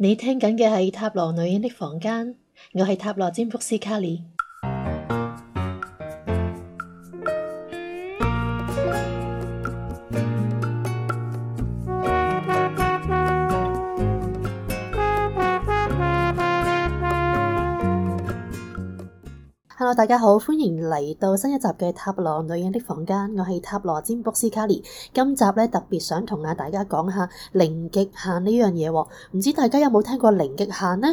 你聽緊嘅係《塔羅女人的房間》，我係塔羅占福斯卡里。大家好，歡迎嚟到新一集嘅塔羅女人的房間，我係塔羅占卜師卡莉。今集呢，特別想同啊大家講下零極限呢樣嘢，唔知大家有冇聽過零極限呢？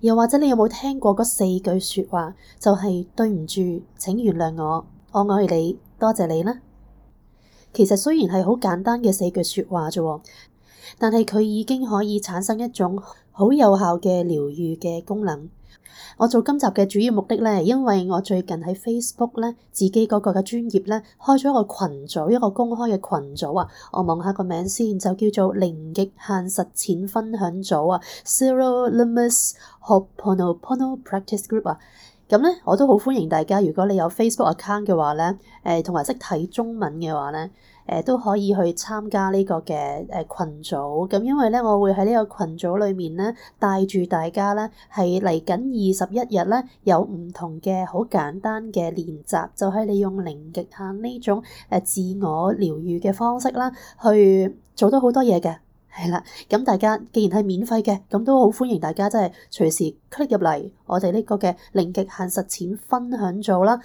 又或者你有冇聽過嗰四句說話，就係對唔住，請原諒我，我愛你，多謝你呢？其實雖然係好簡單嘅四句說話啫，但係佢已經可以產生一種好有效嘅療愈嘅功能。我做今集嘅主要目的咧，因為我最近喺 Facebook 咧，自己嗰個嘅專業咧，開咗一個群組，一個公開嘅群組啊。我望下個名先，就叫做零極限實踐分享組啊，Zero Limits Ho'oponopono on Practice Group 啊。咁咧，我都好歡迎大家，如果你有 Facebook account 嘅話咧，誒，同埋識睇中文嘅話咧。誒都可以去參加呢個嘅誒羣組，咁因為咧，我會喺呢個群組裏面咧帶住大家咧，係嚟緊二十一日咧有唔同嘅好簡單嘅練習，就係、是、利用零極限呢種誒自我療愈嘅方式啦，去做到好多嘢嘅，係啦。咁大家既然係免費嘅，咁都好歡迎大家即係隨時 click 入嚟我哋呢個嘅零極限實踐分享組啦。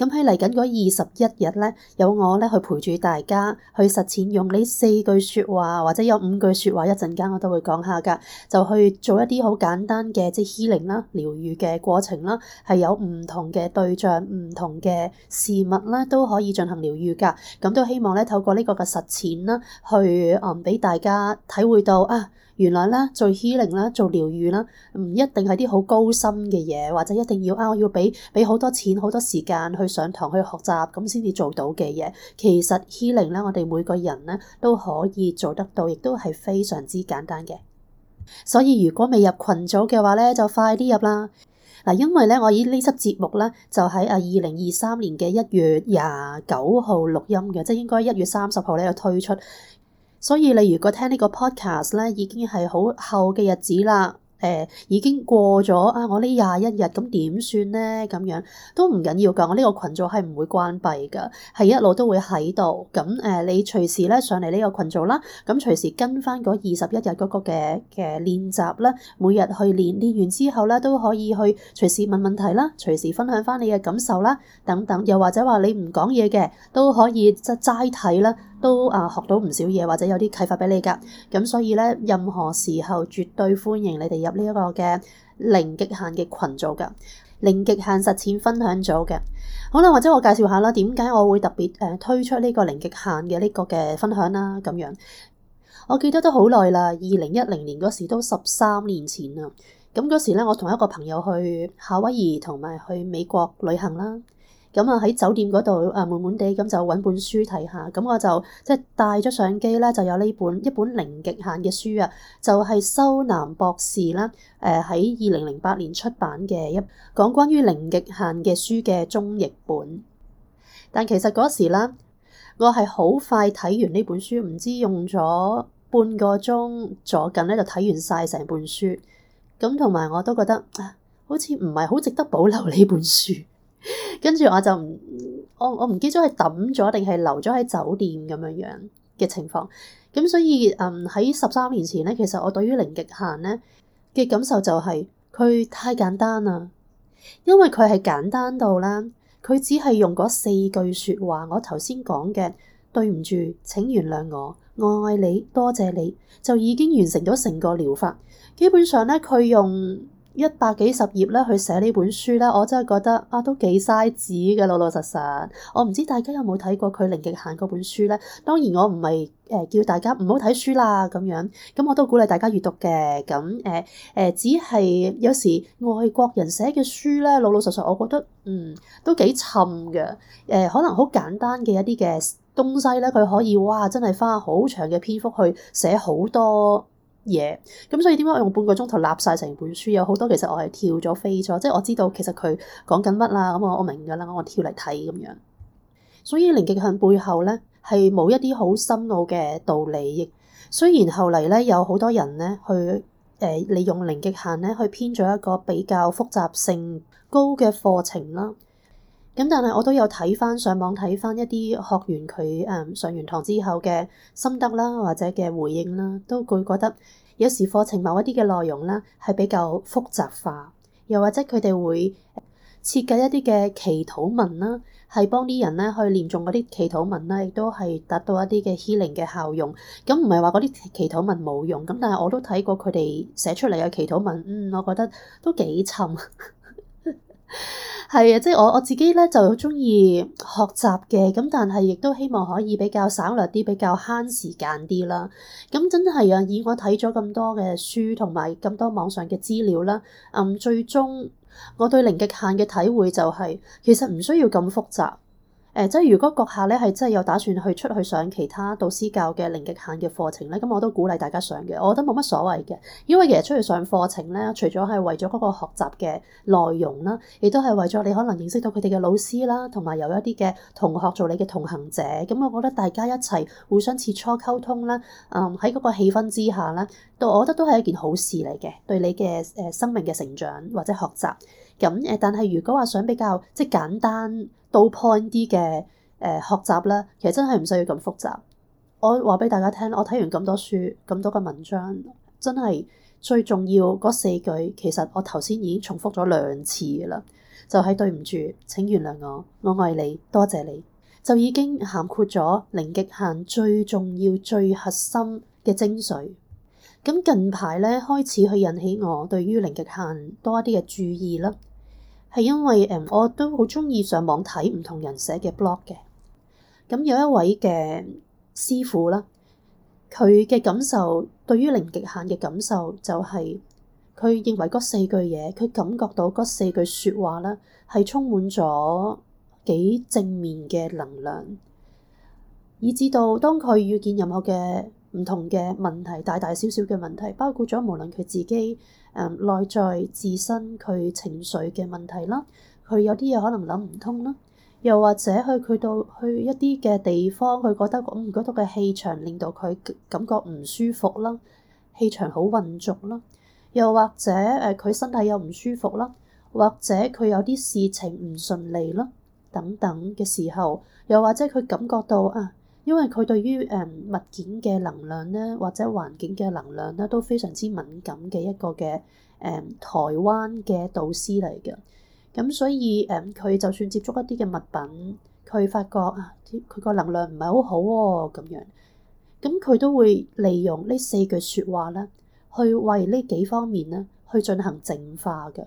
咁喺嚟緊嗰二十一日咧，有我咧去陪住大家去實踐用呢四句説話，或者有五句説話，一陣間我都會講下噶，就去做一啲好簡單嘅即係 healing 啦、療愈嘅過程啦，係有唔同嘅對象、唔同嘅事物啦，都可以進行療愈噶。咁都希望咧透過呢個嘅實踐啦，去嗯俾大家體會到啊。原來咧做 healing 咧做療愈啦，唔一定係啲好高深嘅嘢，或者一定要啊我要畀俾好多錢好多時間去上堂去學習咁先至做到嘅嘢。其實 healing 咧我哋每個人咧都可以做得到，亦都係非常之簡單嘅。所以如果未入群組嘅話咧，就快啲入啦。嗱，因為咧我以呢輯節目咧就喺啊二零二三年嘅一月廿九號錄音嘅，即係應該一月三十號咧就推出。所以，你如果聽呢個 podcast 咧，已經係好後嘅日子啦。誒、呃，已經過咗啊！我呢廿一日咁點算咧？咁樣都唔緊要噶，我呢個群組係唔會關閉噶，係一路都會喺度。咁、嗯、誒、呃，你隨時咧上嚟呢個群組啦。咁、嗯、隨時跟翻嗰二十一日嗰個嘅嘅練習啦，每日去練，練完之後咧都可以去隨時問問題啦，隨時分享翻你嘅感受啦，等等。又或者話你唔講嘢嘅，都可以齋齋睇啦。都啊學到唔少嘢，或者有啲啟發俾你噶。咁所以咧，任何時候絕對歡迎你哋入呢一個嘅零極限嘅群組噶，零極限實踐分享組嘅。好啦，或者我介紹下啦，點解我會特別誒推出呢個零極限嘅呢個嘅分享啦？咁樣，我記得都好耐啦，二零一零年嗰時，都十三年前啦。咁嗰時咧，我同一個朋友去夏威夷同埋去美國旅行啦。咁啊，喺酒店嗰度啊，悶悶地咁就揾本書睇下。咁我就即係帶咗相機咧，就有呢本一本零極限嘅書啊，就係修南博士啦，誒喺二零零八年出版嘅一講關於零極限嘅書嘅中譯本。但其實嗰時咧，我係好快睇完呢本書，唔知用咗半個鐘左近咧就睇完晒成本書。咁同埋我都覺得啊，好似唔係好值得保留呢本書。跟住我就唔，我我唔記得咗係抌咗定係留咗喺酒店咁樣樣嘅情況。咁所以嗯喺十三年前呢，其實我對於零極限呢嘅感受就係、是、佢太簡單啦，因為佢係簡單到啦，佢只係用嗰四句説話，我頭先講嘅對唔住、請原諒我、我愛你、多謝謝你，就已經完成咗成個療法。基本上呢，佢用，一百幾十頁咧，去寫呢本書咧，我真係覺得啊，都幾嘥紙嘅，老老實實。我唔知大家有冇睇過佢《零極限》嗰本書咧？當然我唔係誒叫大家唔好睇書啦咁樣，咁我都鼓勵大家閱讀嘅。咁誒誒，只係有時外國人寫嘅書咧，老老實實，我覺得嗯都幾沉嘅。誒、呃、可能好簡單嘅一啲嘅東西咧，佢可以哇，真係花好長嘅篇幅去寫好多。嘢，咁所以點解我用半個鐘頭立晒成本書？有好多其實我係跳咗飛咗，即係我知道其實佢講緊乜啦。咁我我明㗎啦，我跳嚟睇咁樣。所以零極限背後咧係冇一啲好深奧嘅道理。雖然後嚟咧有好多人咧去誒、呃、利用零極限咧去編咗一個比較複雜性高嘅課程啦。咁但係我都有睇翻，上網睇翻一啲學員佢，誒上完堂之後嘅心得啦，或者嘅回應啦，都會覺得有時課程某一啲嘅內容啦，係比較複雜化，又或者佢哋會設計一啲嘅祈禱文啦，係幫啲人咧去念誦嗰啲祈禱文啦，亦都係達到一啲嘅 healing 嘅效用。咁唔係話嗰啲祈禱文冇用咁，但係我都睇過佢哋寫出嚟嘅祈禱文，嗯，我覺得都幾沉。 係啊即係我我自己咧就好中意學習嘅，咁但係亦都希望可以比較省略啲，比較慳時間啲啦。咁真係啊，以我睇咗咁多嘅書同埋咁多網上嘅資料啦，嗯，最終我對零極限嘅體會就係，其實唔需要咁複雜。誒、呃，即係如果閣下咧係真係有打算去出去上其他導師教嘅零極限嘅課程咧，咁我都鼓勵大家上嘅。我覺得冇乜所謂嘅，因為其實出去上課程咧，除咗係為咗嗰個學習嘅內容啦，亦都係為咗你可能認識到佢哋嘅老師啦，同埋有一啲嘅同學做你嘅同行者。咁、嗯、我覺得大家一齊互相切磋溝通啦，嗯，喺嗰個氣氛之下啦，都我覺得都係一件好事嚟嘅，對你嘅誒、呃、生命嘅成長或者學習。咁誒，但係如果話想比較即係簡單到 point 啲嘅誒學習咧，其實真係唔需要咁複雜。我話俾大家聽，我睇完咁多書、咁多嘅文章，真係最重要嗰四句，其實我頭先已經重複咗兩次啦，就係對唔住、請原諒我、我愛你、多謝你，就已經涵括咗零極限最重要、最核心嘅精髓。咁近排咧開始去引起我對於零極限多一啲嘅注意啦。係因為誒，我都好鍾意上網睇唔同人寫嘅 blog 嘅。咁有一位嘅師傅啦，佢嘅感受對於零極限嘅感受就係、是，佢認為嗰四句嘢，佢感覺到嗰四句説話啦，係充滿咗幾正面嘅能量，以至到當佢遇見任何嘅，唔同嘅問題，大大小小嘅問題，包括咗無論佢自己誒、嗯、內在自身佢情緒嘅問題啦，佢有啲嘢可能諗唔通啦，又或者去、去到、去一啲嘅地方，佢覺得嗯嗰度嘅氣場令到佢感覺唔舒服啦，氣場好混濁啦，又或者佢、啊、身體又唔舒服啦，或者佢有啲事情唔順利啦，等等嘅時候，又或者佢感覺到啊。因為佢對於誒物件嘅能量咧，或者環境嘅能量咧都非常之敏感嘅一個嘅誒、嗯、台灣嘅導師嚟嘅，咁所以誒佢、嗯、就算接觸一啲嘅物品，佢發覺啊，佢個能量唔係好好喎咁樣，咁佢都會利用呢四句說話咧，去為呢幾方面咧去進行淨化嘅。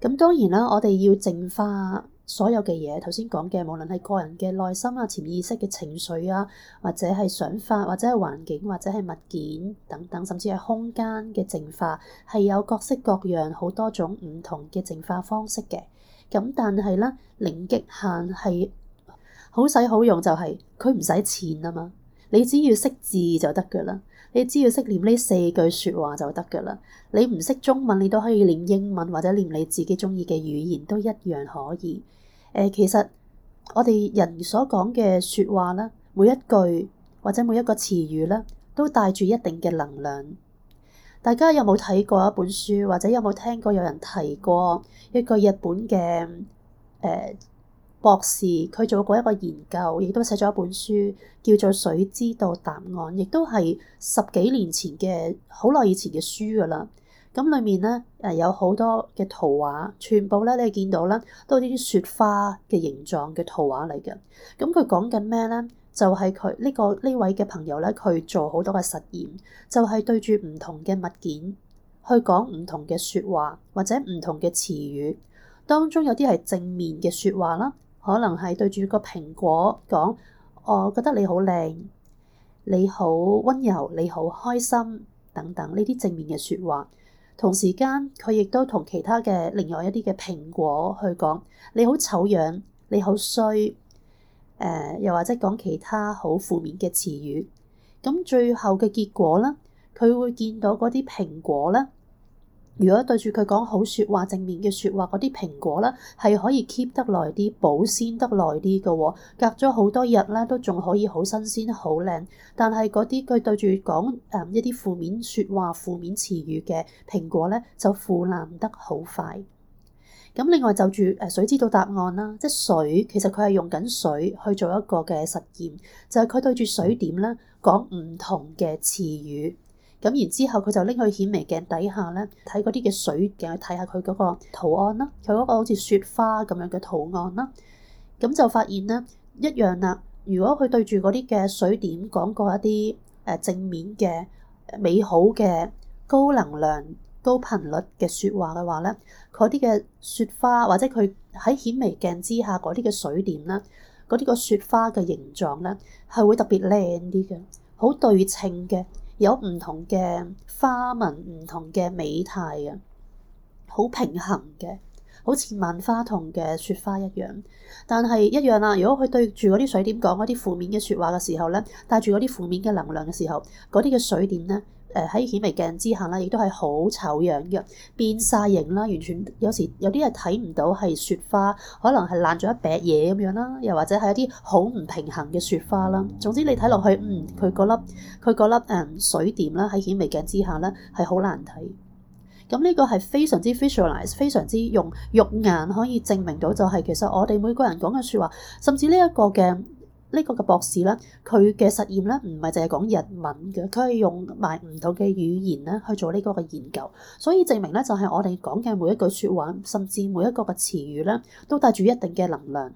咁當然啦，我哋要淨化。所有嘅嘢，頭先講嘅，無論係個人嘅內心啊、潛意識嘅情緒啊，或者係想法，或者係環境，或者係物件等等，甚至係空間嘅淨化，係有各式各樣好多種唔同嘅淨化方式嘅。咁但係咧，零極限係好使好用，就係，就係佢唔使錢啊嘛，你只要識字就得㗎啦，你只要識念呢四句説話就得㗎啦。你唔識中文，你都可以念英文或者念你自己中意嘅語言都一樣可以。誒，其實我哋人所講嘅説話啦，每一句或者每一個詞語啦，都帶住一定嘅能量。大家有冇睇過一本書，或者有冇聽過有人提過一個日本嘅誒、呃、博士，佢做過一個研究，亦都寫咗一本書叫做《水知道答案》，亦都係十幾年前嘅，好耐以前嘅書㗎喇。咁裏面咧，誒，有好多嘅圖畫，全部咧，你見到咧，都係呢啲雪花嘅形狀嘅圖畫嚟嘅。咁佢講緊咩咧？就係佢呢個呢位嘅朋友咧，佢做好多嘅實驗，就係、是、對住唔同嘅物件去講唔同嘅説話或者唔同嘅詞語。當中有啲係正面嘅説話啦，可能係對住個蘋果講，我覺得你好靚，你好温柔，你好開心等等呢啲正面嘅説話。同時間，佢亦都同其他嘅另外一啲嘅蘋果去講，你好醜樣，你好衰，誒、呃，又或者講其他好負面嘅詞語。咁最後嘅結果咧，佢會見到嗰啲蘋果咧。如果對住佢講好説話、正面嘅説話，嗰啲蘋果咧係可以 keep 得耐啲、保鮮得耐啲嘅喎，隔咗好多日咧都仲可以好新鮮、好靚。但係嗰啲佢對住講誒一啲負面説話、負面詞語嘅蘋果咧，就腐爛得好快。咁另外就住誒水知道答案啦，即係水其實佢係用緊水去做一個嘅實驗，就係、是、佢對住水點咧講唔同嘅詞語。咁然之後，佢就拎去顯微鏡底下咧睇嗰啲嘅水鏡，去睇下佢嗰個圖案啦。佢嗰個好似雪花咁樣嘅圖案啦，咁就發現咧一樣啦。如果佢對住嗰啲嘅水點講過一啲誒正面嘅美好嘅高能量、高頻率嘅説話嘅話咧，嗰啲嘅雪花或者佢喺顯微鏡之下嗰啲嘅水點啦，嗰啲個雪花嘅形狀咧係會特別靚啲嘅，好對稱嘅。有唔同嘅花紋，唔同嘅美態嘅，好平衡嘅，好似萬花筒嘅雪花一樣。但係一樣啦，如果佢對住嗰啲水點講嗰啲負面嘅說話嘅時候咧，帶住嗰啲負面嘅能量嘅時候，嗰啲嘅水點咧。誒喺顯微鏡之下咧，亦都係好醜樣嘅，變晒形啦，完全有時有啲係睇唔到係雪花，可能係爛咗一餅嘢咁樣啦，又或者係一啲好唔平衡嘅雪花啦。總之你睇落去，嗯，佢嗰粒佢嗰粒誒水點啦，喺顯微鏡之下咧係好難睇。咁呢個係非常之 visualize 非常之用肉眼可以證明到，就是，就係其實我哋每個人講嘅説話，甚至呢一個鏡。呢個嘅博士咧，佢嘅實驗咧，唔係淨係講日文嘅，佢係用埋唔同嘅語言咧去做呢個嘅研究，所以證明咧就係我哋講嘅每一句説話，甚至每一個嘅詞語咧，都帶住一定嘅能量，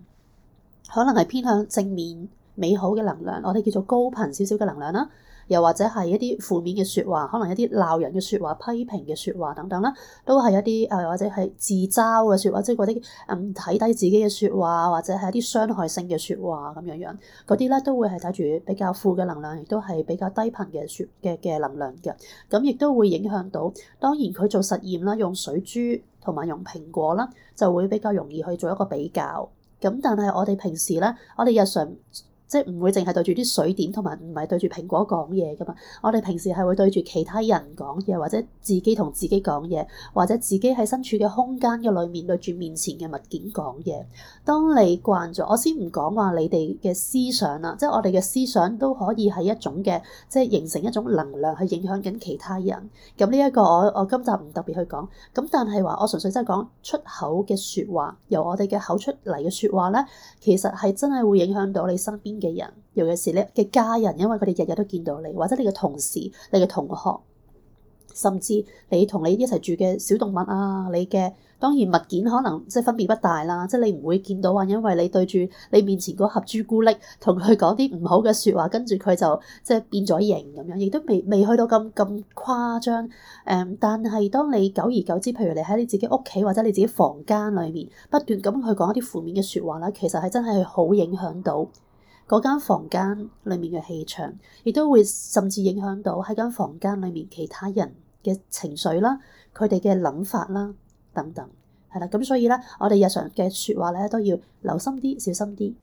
可能係偏向正面美好嘅能量，我哋叫做高頻少少嘅能量啦。又或者係一啲負面嘅説話，可能一啲鬧人嘅説話、批評嘅説話等等啦，都係一啲誒、呃、或者係自嘲嘅説話，即係嗰啲唔睇低自己嘅説話，或者係一啲傷害性嘅説話咁樣樣，嗰啲咧都會係睇住比較負嘅能量，亦都係比較低頻嘅説嘅嘅能量嘅。咁亦都會影響到。當然佢做實驗啦，用水珠同埋用蘋果啦，就會比較容易去做一個比較。咁但係我哋平時咧，我哋日常。即係唔會淨係對住啲水點同埋唔係對住蘋果講嘢噶嘛？我哋平時係會對住其他人講嘢，或者自己同自己講嘢，或者自己喺身處嘅空間嘅裏面對住面前嘅物件講嘢。當你慣咗，我先唔講話你哋嘅思想啦，即係我哋嘅思想都可以係一種嘅，即係形成一種能量去影響緊其他人。咁呢一個我我今集唔特別去講，咁但係話我純粹真係講出口嘅說話，由我哋嘅口出嚟嘅說話咧，其實係真係會影響到你身邊。嘅人，尤其是你嘅家人，因為佢哋日日都見到你，或者你嘅同事、你嘅同學，甚至你同你一齊住嘅小動物啊，你嘅當然物件可能即係分別不大啦，即係你唔會見到啊，因為你對住你面前嗰盒朱古力，同佢講啲唔好嘅說話，跟住佢就即係變咗形咁樣，亦都未未去到咁咁誇張。嗯，但係當你久而久之，譬如你喺你自己屋企或者你自己房間裏面不斷咁去講一啲負面嘅說話啦，其實係真係好影響到。嗰間房間裏面嘅氣場，亦都會甚至影響到喺間房間裏面其他人嘅情緒啦、佢哋嘅諗法啦等等，係啦。咁所以咧，我哋日常嘅説話咧，都要留心啲、小心啲。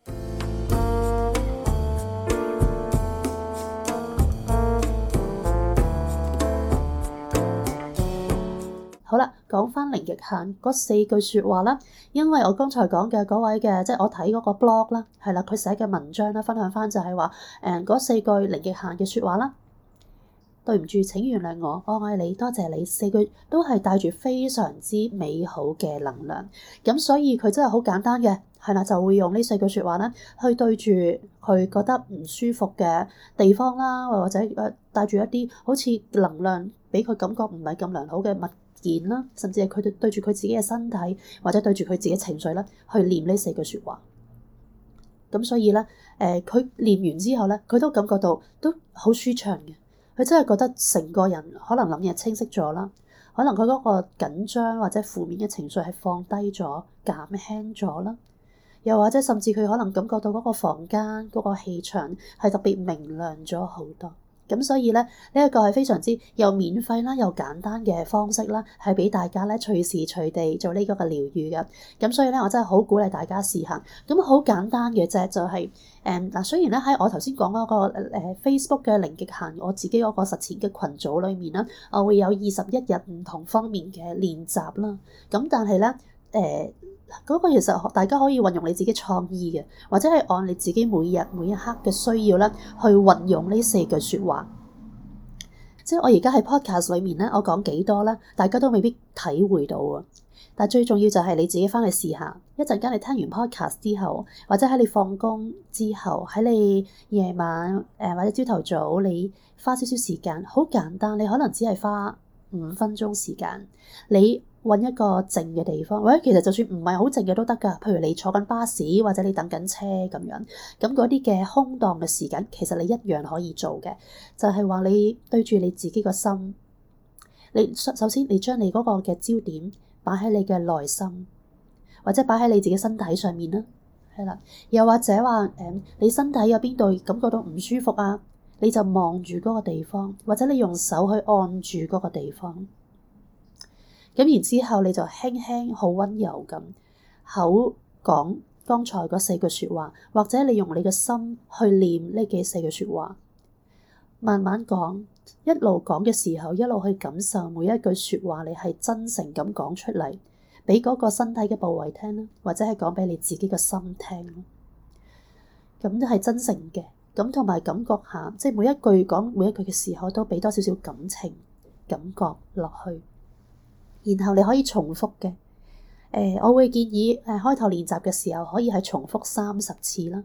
講返零極限嗰四句説話啦，因為我剛才講嘅嗰位嘅，即係我睇嗰個 blog 啦，係啦，佢寫嘅文章咧，分享翻就係話誒嗰四句零極限嘅説話啦。對唔住，請原諒我，我愛你，多謝你，四句都係帶住非常之美好嘅能量。咁所以佢真係好簡單嘅係啦，就會用呢四句説話咧，去對住佢覺得唔舒服嘅地方啦，或者誒帶住一啲好似能量畀佢感覺唔係咁良好嘅物。念啦，甚至係佢對對住佢自己嘅身體，或者對住佢自己情緒咧，去念呢四句說話。咁所以咧，誒、呃，佢念完之後咧，佢都感覺到都好舒暢嘅。佢真係覺得成個人可能諗嘢清晰咗啦，可能佢嗰個緊張或者負面嘅情緒係放低咗，減輕咗啦，又或者甚至佢可能感覺到嗰個房間嗰、個氣場係特別明亮咗好多。咁所以咧，呢、這、一個係非常之又免費啦，又簡單嘅方式啦，係俾大家咧隨時隨地做呢個嘅療愈嘅。咁所以咧，我真係好鼓勵大家試行。咁好簡單嘅啫、就是，就係誒嗱。雖然咧喺我頭先講嗰個、呃、Facebook 嘅零極限，我自己嗰個實踐嘅群組裏面啦，我會有二十一日唔同方面嘅練習啦。咁但係咧。誒嗰個其實大家可以運用你自己創意嘅，或者係按你自己每日每一刻嘅需要啦，去運用呢四句說話。即係我而家喺 podcast 裏面咧，我講幾多啦？大家都未必體會到啊！但最重要就係你自己翻去試下。一陣間你聽完 podcast 之後，或者喺你放工之後，喺你夜晚誒或者朝頭早，你花少少時間，好簡單。你可能只係花五分鐘時間，你。揾一個靜嘅地方，或者其實就算唔係好靜嘅都得㗎。譬如你坐緊巴士，或者你等緊車咁樣，咁嗰啲嘅空檔嘅時間，其實你一樣可以做嘅。就係話你對住你自己個心，你首先你將你嗰個嘅焦點擺喺你嘅內心，或者擺喺你自己身體上面啦。係啦，又或者話誒，你身體有邊度感覺到唔舒服啊？你就望住嗰個地方，或者你用手去按住嗰個地方。咁，然之後你就輕輕好温柔咁口講剛才嗰四句説話，或者你用你嘅心去念呢幾四句説話，慢慢講，一路講嘅時候，一路去感受每一句説話你說，你係真誠咁講出嚟，畀嗰個身體嘅部位聽咯，或者係講畀你自己嘅心聽咯。咁都係真誠嘅，咁同埋感覺下，即係每一句講每一句嘅時候，都畀多少少感情感覺落去。然後你可以重複嘅，誒、呃，我會建議誒、呃，開頭練習嘅時候可以係重複三十次啦，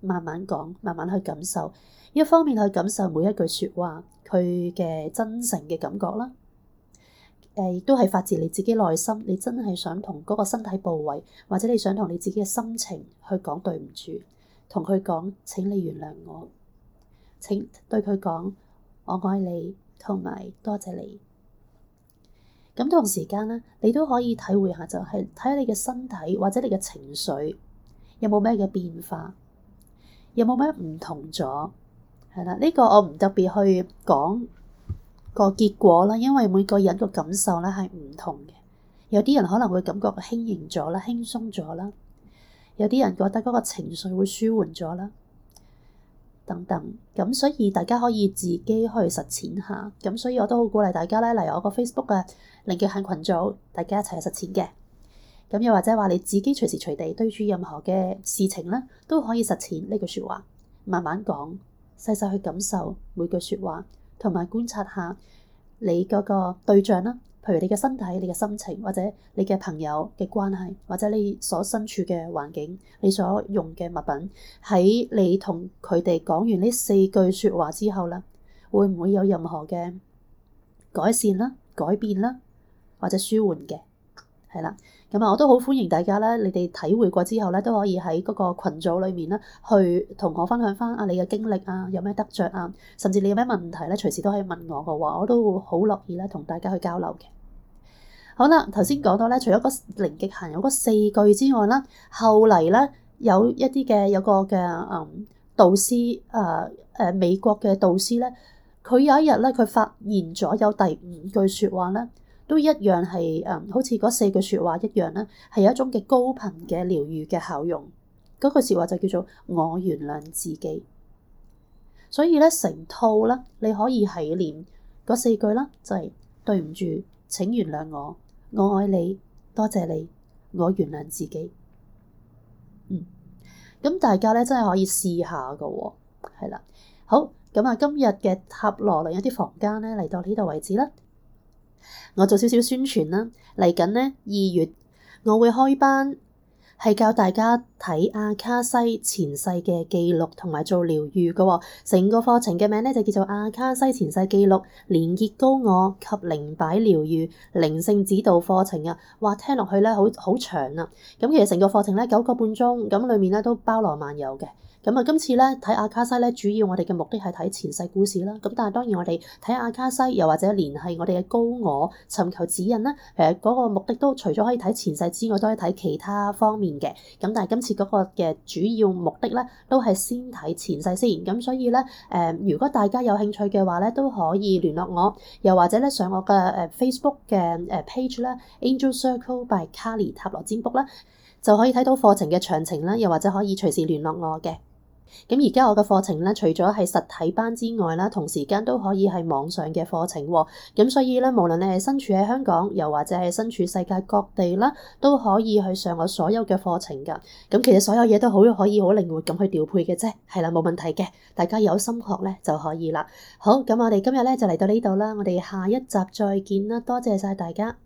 慢慢講，慢慢去感受，一方面去感受每一句説話佢嘅真誠嘅感覺啦，誒、呃，亦都係發自你自己內心，你真係想同嗰個身體部位或者你想同你自己嘅心情去講對唔住，同佢講請你原諒我，請對佢講我愛你，同埋多謝你。咁同時間咧，你都可以體會下，就係睇下你嘅身體或者你嘅情緒有冇咩嘅變化，有冇咩唔同咗？係啦，呢個我唔特別去講個結果啦，因為每個人嘅感受咧係唔同嘅。有啲人可能會感覺輕盈咗啦，輕鬆咗啦；有啲人覺得嗰個情緒會舒緩咗啦。等等，咁所以大家可以自己去實踐下，咁所以我都好鼓勵大家，例如我個 Facebook 啊，零極限群組，大家一齊去實踐嘅。咁又或者話你自己隨時隨地對住任何嘅事情咧，都可以實踐呢句説話，慢慢講，細細去感受每句説話，同埋觀察下你嗰個對象啦。譬如你嘅身體、你嘅心情，或者你嘅朋友嘅關係，或者你所身處嘅環境、你所用嘅物品，喺你同佢哋講完呢四句説話之後咧，會唔會有任何嘅改善啦、改變啦，或者舒緩嘅？係啦，咁啊，我都好歡迎大家咧，你哋體會過之後咧，都可以喺嗰個羣組裡面咧，去同我分享翻啊你嘅經歷啊，有咩得着啊，甚至你有咩問題咧，隨時都可以問我嘅話，我都會好樂意咧同大家去交流嘅。好啦，頭先講到咧，除咗嗰零極限有嗰四句之外咧，後嚟咧有一啲嘅有個嘅嗯導師啊，誒、呃、美國嘅導師咧，佢有一日咧佢發現咗有第五句説話咧，都一樣係誒、嗯、好似嗰四句説話一樣咧，係有一種嘅高頻嘅療愈嘅效用。嗰句説話就叫做我原諒自己。所以咧，成套啦，你可以係念嗰四句啦，就係、係、對唔住，請原諒我。我愛你，多謝你，我原諒自己。嗯，咁大家咧真係可以試下噶喎，係啦。好，咁啊今日嘅塔羅另一啲房間咧，嚟到呢度為止啦。我做少少宣傳啦，嚟緊咧二月我會開班。係教大家睇阿卡西前世嘅記錄同埋做療愈嘅喎，成個課程嘅名咧就叫做阿卡西前世記錄連結高我及靈擺療愈靈性指導課程啊！哇，聽落去咧好好長啊！咁、嗯、其實成個課程咧九個半鐘，咁裡面咧都包羅萬有嘅。咁、嗯、啊，今次咧睇阿卡西咧，主要我哋嘅目的係睇前世故事啦。咁但係當然我哋睇阿卡西，又或者聯繫我哋嘅高我，尋求指引啦。其實嗰個目的都除咗可以睇前世之外，都可以睇其他方面。嘅，咁但係今次嗰個嘅主要目的咧，都係先睇前世先，咁所以咧，誒、呃，如果大家有興趣嘅話咧，都可以聯絡我，又或者咧上我嘅誒 Facebook 嘅誒 page 啦，Angel Circle by Kelly 塔羅占卜啦，就可以睇到課程嘅詳情啦，又或者可以隨時聯絡我嘅。咁而家我嘅課程咧，除咗係實體班之外啦，同時間都可以係網上嘅課程喎。咁所以咧，無論你係身處喺香港，又或者係身處世界各地啦，都可以去上我所有嘅課程噶。咁其實所有嘢都好可以好靈活咁去調配嘅啫。係啦，冇問題嘅，大家有心學咧就可以啦。好，咁我哋今日咧就嚟到呢度啦，我哋下一集再見啦，多謝晒大家。